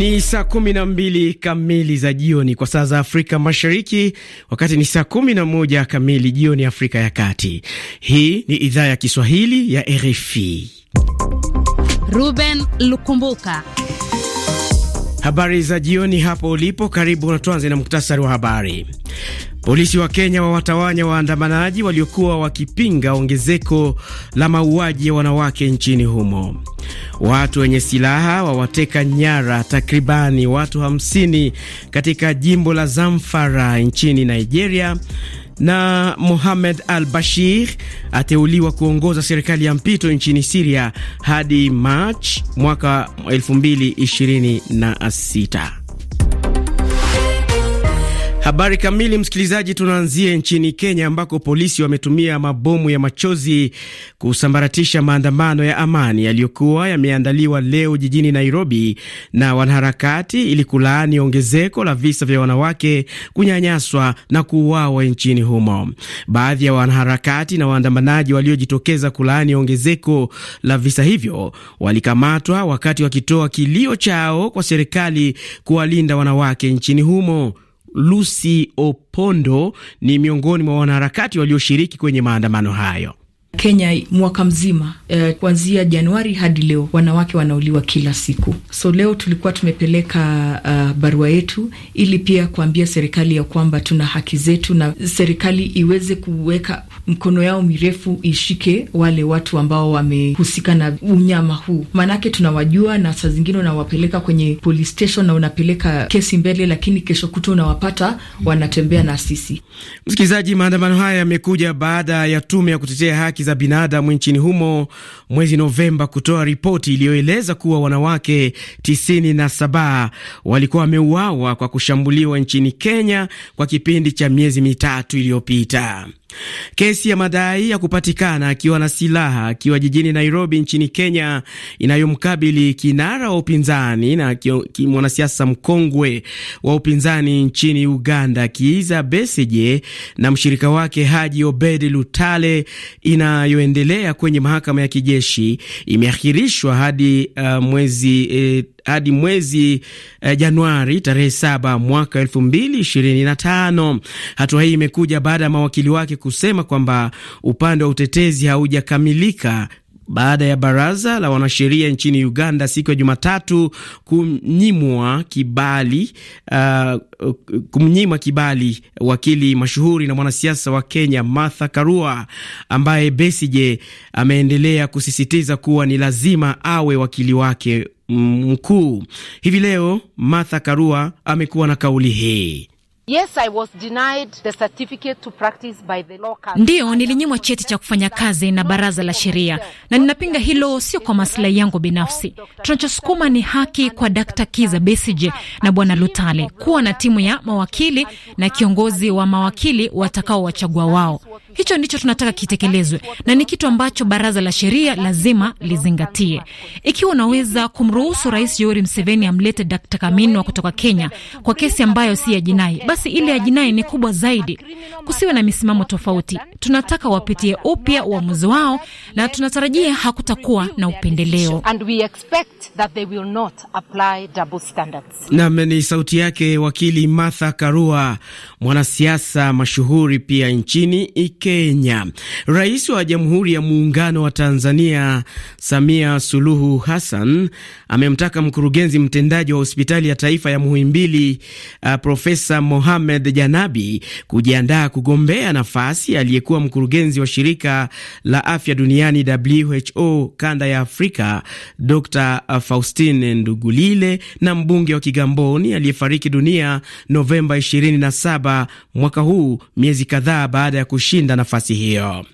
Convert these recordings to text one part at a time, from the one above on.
Ni saa kumi na mbili kamili za jioni kwa saa za Afrika Mashariki, wakati ni saa kumi na moja kamili jioni Afrika ya Kati. Hii ni idhaa ya Kiswahili ya RFI. Ruben Lukumbuka, habari za jioni hapo ulipo. Karibu na tuanze na muktasari wa habari. Polisi wa Kenya wawatawanya waandamanaji waliokuwa wakipinga ongezeko la mauaji ya wanawake nchini humo. Watu wenye silaha wawateka nyara takribani watu hamsini katika jimbo la Zamfara nchini Nigeria na Mohamed al-Bashir ateuliwa kuongoza serikali ya mpito nchini siria hadi mach mwaka 2026. Habari kamili, msikilizaji, tunaanzia nchini Kenya ambako polisi wametumia mabomu ya machozi kusambaratisha maandamano ya amani yaliyokuwa yameandaliwa leo jijini Nairobi na wanaharakati ili kulaani ongezeko la visa vya wanawake kunyanyaswa na kuuawa nchini humo. Baadhi ya wanaharakati na waandamanaji waliojitokeza kulaani ongezeko la visa hivyo walikamatwa wakati wakitoa kilio chao kwa serikali kuwalinda wanawake nchini humo. Lucy Opondo ni miongoni mwa wanaharakati walioshiriki kwenye maandamano hayo. Kenya mwaka mzima eh, kuanzia Januari hadi leo wanawake wanauliwa kila siku. So leo tulikuwa tumepeleka uh, barua yetu ili pia kuambia serikali ya kwamba tuna haki zetu na serikali iweze kuweka mkono yao mirefu ishike wale watu ambao wamehusika na unyama huu, maanake tunawajua, na saa zingine unawapeleka kwenye police station na unapeleka kesi mbele, lakini kesho kuto unawapata wanatembea na sisi. Msikilizaji, maandamano haya yamekuja baada ya tume ya kutetea haki za binadamu nchini humo mwezi Novemba kutoa ripoti iliyoeleza kuwa wanawake 97 walikuwa wameuawa kwa kushambuliwa nchini Kenya kwa kipindi cha miezi mitatu iliyopita. Kesi ya madai ya kupatikana akiwa na silaha akiwa jijini Nairobi nchini Kenya, inayomkabili kinara wa upinzani na mwanasiasa mkongwe wa upinzani nchini Uganda, Kiiza Besigye na mshirika wake Haji Obed Lutale, inayoendelea kwenye mahakama ya kijeshi imeahirishwa hadi uh, mwezi eh, hadi mwezi eh, Januari tarehe saba mwaka elfu mbili ishirini na tano. Hatua hii imekuja baada ya mawakili wake kusema kwamba upande wa utetezi haujakamilika baada ya baraza la wanasheria nchini Uganda siku ya Jumatatu kumnyimwa kibali uh, eh, kumnyima kibali wakili mashuhuri na mwanasiasa wa Kenya Martha Karua, ambaye Besigye ameendelea kusisitiza kuwa ni lazima awe wakili wake mkuu. Hivi leo Martha Karua amekuwa na kauli hii. Yes, I was denied the certificate to practice by the Ndiyo, nilinyimwa cheti cha kufanya kazi na baraza la sheria, na ninapinga hilo, sio kwa maslahi yangu binafsi. Tunachosukuma ni haki kwa Dkt. Kiza Besije na Bwana Lutale kuwa na timu ya mawakili na kiongozi wa mawakili watakaowachagua wao. Hicho ndicho tunataka kitekelezwe, na ni kitu ambacho baraza la sheria lazima lizingatie. Ikiwa unaweza kumruhusu Rais Yoweri Museveni amlete Dkt. Kaminwa kutoka Kenya kwa kesi ambayo si ya jinai, basi nafasi ile ya jinai ni kubwa zaidi. Kusiwe na misimamo tofauti, tunataka wapitie upya uamuzi wao, na tunatarajia hakutakuwa na upendeleo. Nam ni sauti yake wakili Martha Karua, mwanasiasa mashuhuri pia nchini Kenya. Rais wa Jamhuri ya Muungano wa Tanzania Samia Suluhu Hassan amemtaka mkurugenzi mtendaji wa hospitali ya taifa ya Muhimbili uh, Profesa Mohamed Janabi kujiandaa kugombea nafasi aliyekuwa mkurugenzi wa shirika la afya duniani WHO kanda ya Afrika, Dr Faustine Ndugulile na mbunge wa Kigamboni aliyefariki dunia Novemba 27 mwaka huu, miezi kadhaa baada ya kushinda nafasi hiyo.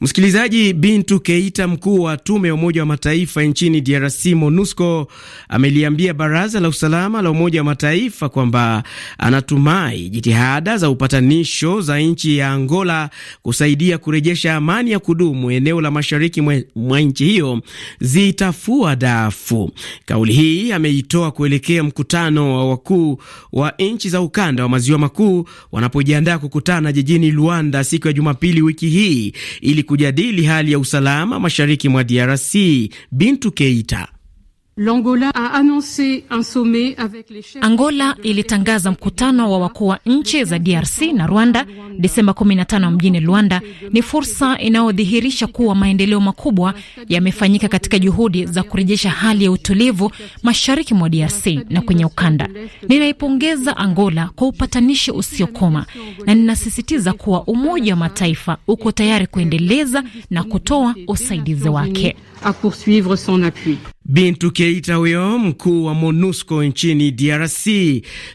Msikilizaji, Bintu Keita, mkuu wa tume ya Umoja wa Mataifa nchini DRC, MONUSCO, ameliambia Baraza la Usalama la Umoja wa Mataifa kwamba anatumai jitihada za upatanisho za nchi ya Angola kusaidia kurejesha amani ya kudumu eneo la mashariki mwa nchi hiyo zitafua dafu. Kauli hii ameitoa kuelekea mkutano wa wakuu wa nchi za ukanda wa maziwa makuu wanapojiandaa kukutana jijini Luanda siku ya Jumapili wiki hii ili kujadili hali ya usalama mashariki mwa DRC. Bintu Keita Angola ilitangaza mkutano wa wakuu wa nchi za DRC na Rwanda Desemba 15 mjini Luanda. Ni fursa inayodhihirisha kuwa maendeleo makubwa yamefanyika katika juhudi za kurejesha hali ya utulivu mashariki mwa DRC na kwenye ukanda. Ninaipongeza Angola kwa upatanishi usiokoma na ninasisitiza kuwa Umoja wa Mataifa uko tayari kuendeleza na kutoa usaidizi wake. Bintu Keita huyo mkuu wa MONUSCO nchini DRC.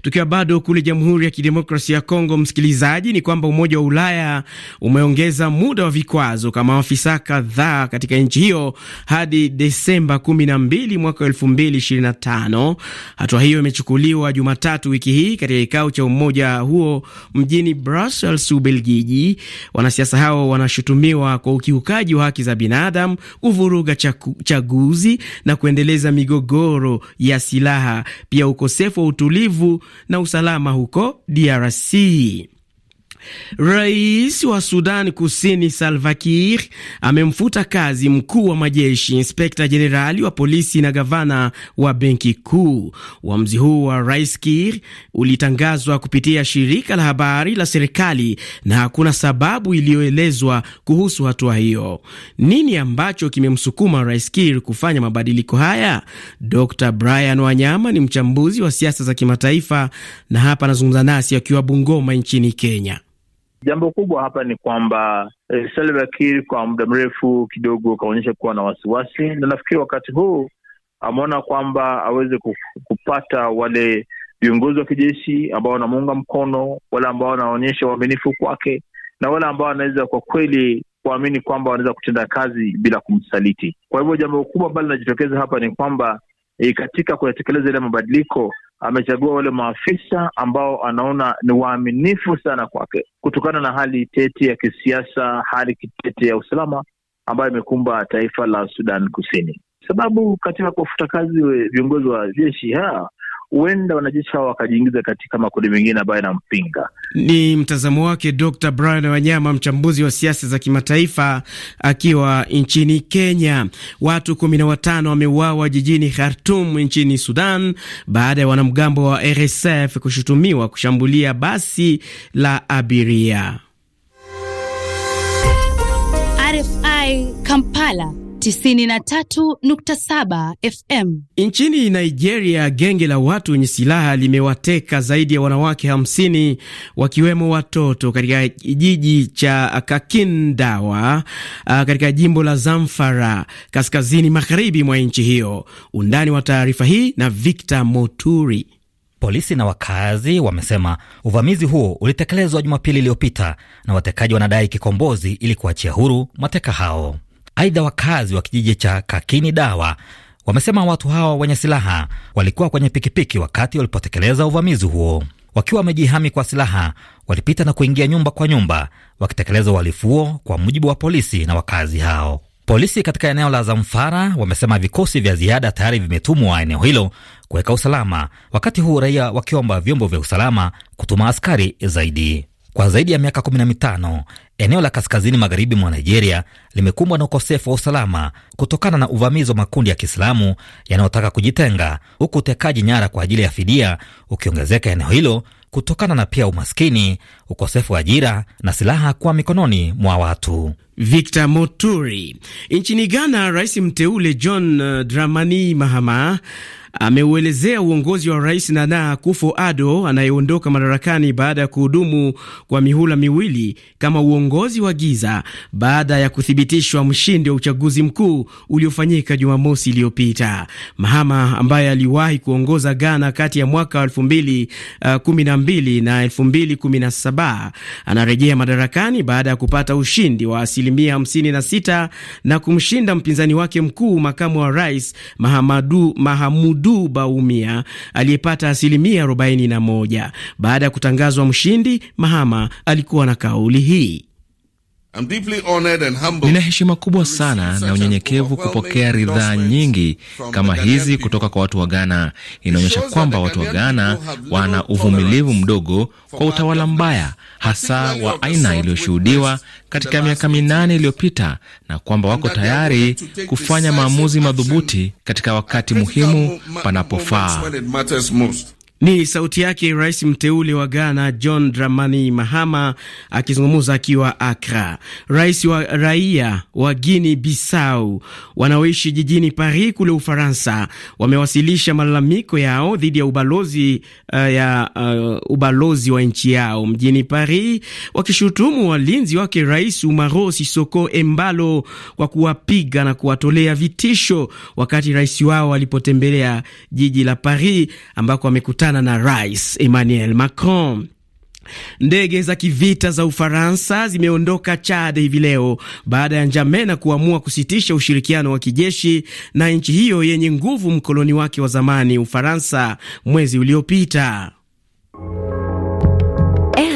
Tukiwa bado kule Jamhuri ya Kidemokrasia ya Kongo, msikilizaji, ni kwamba Umoja wa Ulaya umeongeza muda wa vikwazo kama maafisa kadhaa katika nchi hiyo hadi Desemba 12 mwaka 2025. Hatua hiyo imechukuliwa Jumatatu wiki hii katika kikao cha umoja huo mjini Brussels, Ubelgiji. Wanasiasa hao wanashutumiwa kwa ukiukaji wa haki za binadamu, kuvuruga chaguzi na kuendeleza migogoro ya silaha, pia ukosefu wa utulivu na usalama huko DRC. Rais wa Sudan Kusini Salva Kiir amemfuta kazi mkuu wa majeshi, inspekta jenerali wa polisi na gavana wa benki kuu. Uamuzi huu wa Rais Kiir ulitangazwa kupitia shirika la habari la serikali na hakuna sababu iliyoelezwa kuhusu hatua hiyo. Nini ambacho kimemsukuma Rais Kiir kufanya mabadiliko haya? Dr Brian Wanyama ni mchambuzi wa siasa za kimataifa na hapa anazungumza nasi akiwa Bungoma nchini Kenya. Jambo kubwa hapa ni kwamba eh, Salva Kiir kwa muda mrefu kidogo kaonyesha kuwa na wasiwasi, na nafikiri wakati huu ameona kwamba aweze kupata wale viongozi wa kijeshi ambao wanamuunga mkono, wale ambao wanaonyesha uaminifu kwake, na wale ambao wanaweza kwa kweli kuamini kwamba wanaweza kutenda kazi bila kumsaliti. Kwa hivyo jambo kubwa ambalo linajitokeza hapa ni kwamba eh, katika kuyatekeleza ile mabadiliko amechagua wale maafisa ambao anaona ni waaminifu sana kwake, kutokana na hali tete ya kisiasa, hali tete ya usalama ambayo imekumba taifa la Sudan Kusini. Sababu katika kuwafuta kazi viongozi wa jeshi haa huenda wanajeshi hao wakajiingiza katika makundi mengine ambayo yanampinga. Ni mtazamo wake Dr Brian Wanyama, mchambuzi wa siasa za kimataifa akiwa nchini Kenya. Watu kumi na watano wameuawa jijini Khartum nchini Sudan baada ya wanamgambo wa RSF kushutumiwa kushambulia basi la abiria. RFI Kampala 93.7 FM. Nchini Nigeria, genge la watu wenye silaha limewateka zaidi ya wanawake 50 wakiwemo watoto katika jiji cha Kakindawa ah, katika jimbo la Zamfara kaskazini magharibi mwa nchi hiyo. Undani wa taarifa hii na Victor Moturi. Polisi na wakazi wamesema uvamizi huo ulitekelezwa Jumapili iliyopita na watekaji wanadai kikombozi ili kuachia huru mateka hao. Aidha, wakazi wa kijiji cha Kakini Dawa wamesema watu hawa wenye silaha walikuwa kwenye pikipiki wakati walipotekeleza uvamizi huo. Wakiwa wamejihami kwa silaha, walipita na kuingia nyumba kwa nyumba wakitekeleza uhalifu huo, kwa mujibu wa polisi na wakazi hao. Polisi katika eneo la Zamfara wamesema vikosi vya ziada tayari vimetumwa eneo hilo kuweka usalama, wakati huu raia wakiomba vyombo vya usalama kutuma askari zaidi. Kwa zaidi ya miaka 15 eneo la kaskazini magharibi mwa Nigeria limekumbwa na ukosefu wa usalama kutokana na uvamizi wa makundi ya Kiislamu yanayotaka kujitenga, huku utekaji nyara kwa ajili ya fidia ukiongezeka eneo hilo kutokana na pia umaskini, ukosefu wa ajira na silaha kuwa mikononi mwa watu. Victor Moturi. Nchini Ghana, rais mteule John eh, Dramani Mahama ameuelezea uongozi wa Rais Nana akufo ado anayeondoka madarakani baada ya kuhudumu kwa mihula miwili kama uongozi wa giza baada ya kuthibitishwa mshindi wa uchaguzi mkuu uliofanyika Jumamosi iliyopita. Mahama ambaye aliwahi kuongoza Ghana kati ya mwaka wa 2012 uh, na 2017 anarejea madarakani baada ya kupata ushindi wa asilimia 56 na kumshinda mpinzani wake mkuu makamu wa rais Mahamadu Mahamudu Dudu Baumia aliyepata asilimia 41. Baada ya kutangazwa mshindi, Mahama alikuwa na kauli hii. Nina heshima kubwa sana na unyenyekevu kupokea ridhaa nyingi kama hizi kutoka kwa watu wa Ghana. Inaonyesha kwamba watu wa Ghana wana uvumilivu mdogo kwa utawala mbaya, hasa wa aina iliyoshuhudiwa katika miaka minane iliyopita, na kwamba wako tayari kufanya maamuzi madhubuti katika wakati muhimu panapofaa. Ni sauti yake rais mteule wa Ghana John Dramani Mahama akizungumza akiwa Akra. Rais wa raia wa guini Bissau wanaoishi jijini Paris kule Ufaransa wamewasilisha malalamiko yao dhidi ya ubalozi, uh, ya, uh, ubalozi wa nchi yao mjini Paris wakishutumu walinzi wake Rais Umaro Sisoko Embalo kwa kuwapiga na kuwatolea vitisho wakati rais wao alipotembelea jiji la Paris ambako amekutana kukutana na Rais Emmanuel Macron. Ndege za kivita za Ufaransa zimeondoka Chad hivi leo baada ya Njamena kuamua kusitisha ushirikiano wa kijeshi na nchi hiyo yenye nguvu, mkoloni wake wa zamani Ufaransa, mwezi uliopita.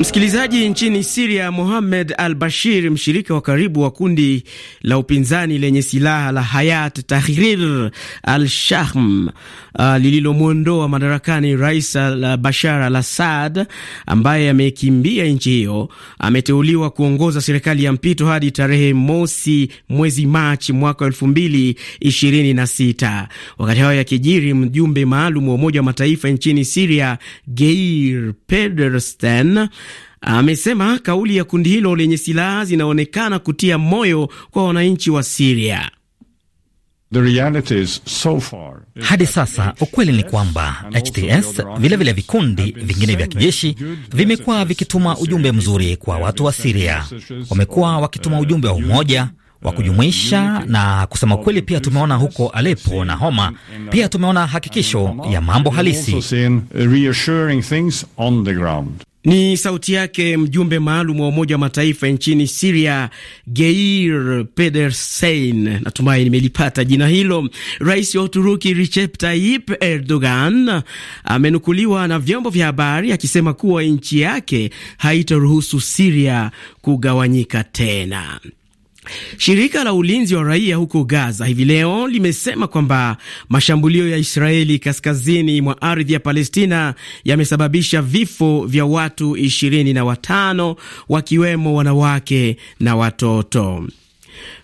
Msikilizaji, nchini Siria, Mohamed Al Bashir, mshirika wa karibu wa kundi la upinzani lenye silaha la Hayat Tahrir Al Shahm uh, lililomwondoa madarakani Rais Al Bashar Al Assad ambaye amekimbia nchi hiyo, ameteuliwa kuongoza serikali ya mpito hadi tarehe mosi mwezi Machi mwaka elfu mbili ishirini na sita. Wakati hayo yakijiri, mjumbe maalum wa Umoja wa Mataifa nchini Siria Geir Pedersen Amesema kauli ya kundi hilo lenye silaha zinaonekana kutia moyo kwa wananchi wa Siria. So hadi sasa ukweli ni kwamba HTS vilevile vile vikundi vingine vya kijeshi vimekuwa vikituma ujumbe mzuri kwa watu wa Siria. Wamekuwa wakituma ujumbe wa umoja wa kujumuisha na kusema kweli, pia tumeona huko alepo na Homa, pia tumeona hakikisho ya mambo halisi. Ni sauti yake mjumbe maalum wa Umoja wa Mataifa nchini Siria, Geir Pedersen, natumai nimelipata jina hilo. Rais wa Uturuki Recep Tayyip Erdogan amenukuliwa na vyombo vya habari akisema kuwa nchi yake haitaruhusu Siria kugawanyika tena. Shirika la ulinzi wa raia huko Gaza hivi leo limesema kwamba mashambulio ya Israeli kaskazini mwa ardhi ya Palestina yamesababisha vifo vya watu ishirini na watano wakiwemo wanawake na watoto.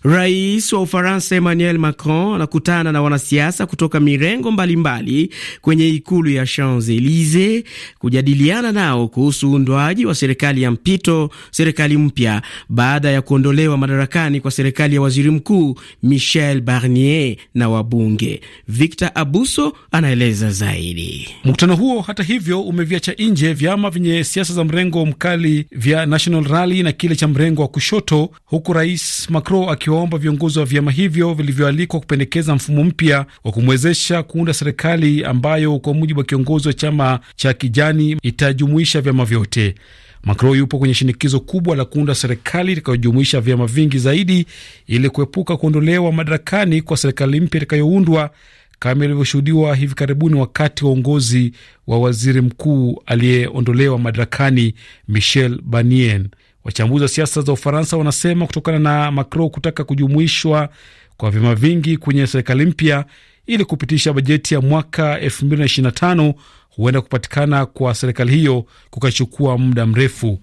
Rais wa Ufaransa Emmanuel Macron anakutana na wanasiasa kutoka mirengo mbalimbali mbali kwenye ikulu ya Champs Elise kujadiliana nao kuhusu uundwaji wa serikali ya mpito, serikali mpya baada ya kuondolewa madarakani kwa serikali ya waziri mkuu Michel Barnier na wabunge. Victor Abuso anaeleza zaidi. Mkutano huo hata hivyo umeviacha nje vyama vyenye siasa za mrengo mkali vya National Rally na kile cha mrengo wa kushoto, huku Rais Macron akiwa amewaomba viongozi wa vyama hivyo vilivyoalikwa kupendekeza mfumo mpya wa kumwezesha kuunda serikali ambayo kwa mujibu wa kiongozi wa chama cha kijani itajumuisha vyama vyote. Macron yupo kwenye shinikizo kubwa la kuunda serikali itakayojumuisha vyama vingi zaidi ili kuepuka kuondolewa madarakani kwa serikali mpya itakayoundwa kama ilivyoshuhudiwa hivi karibuni wakati wa uongozi wa waziri mkuu aliyeondolewa madarakani Michel Barnier. Wachambuzi wa siasa za Ufaransa wanasema kutokana na Macron kutaka kujumuishwa kwa vyama vingi kwenye serikali mpya ili kupitisha bajeti ya mwaka 2025 huenda kupatikana kwa serikali hiyo kukachukua muda mrefu.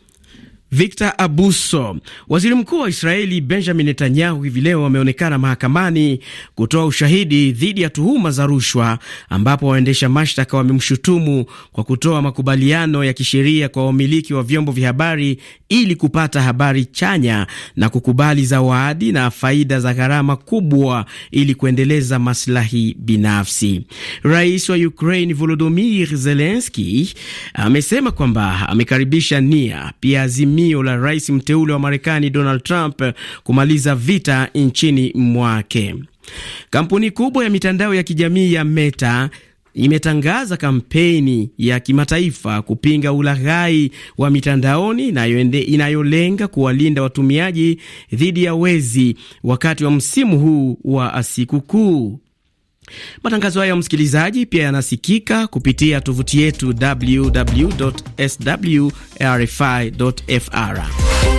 Victor Abuso. Waziri mkuu wa Israeli Benjamin Netanyahu hivi leo ameonekana mahakamani kutoa ushahidi dhidi ya tuhuma za rushwa, ambapo waendesha mashtaka wamemshutumu kwa kutoa makubaliano ya kisheria kwa wamiliki wa vyombo vya habari ili kupata habari chanya na kukubali zawadi na faida za gharama kubwa ili kuendeleza maslahi binafsi. Rais wa Ukraine Volodymyr Zelensky amesema kwamba amekaribisha nia pia azimia azimio la rais mteule wa Marekani Donald Trump kumaliza vita nchini mwake. Kampuni kubwa ya mitandao ya kijamii ya Meta imetangaza kampeni ya kimataifa kupinga ulaghai wa mitandaoni inayolenga kuwalinda watumiaji dhidi ya wezi wakati wa msimu huu wa sikukuu. Matangazo haya msikilizaji, pia yanasikika kupitia tovuti yetu www.swrfi.fr.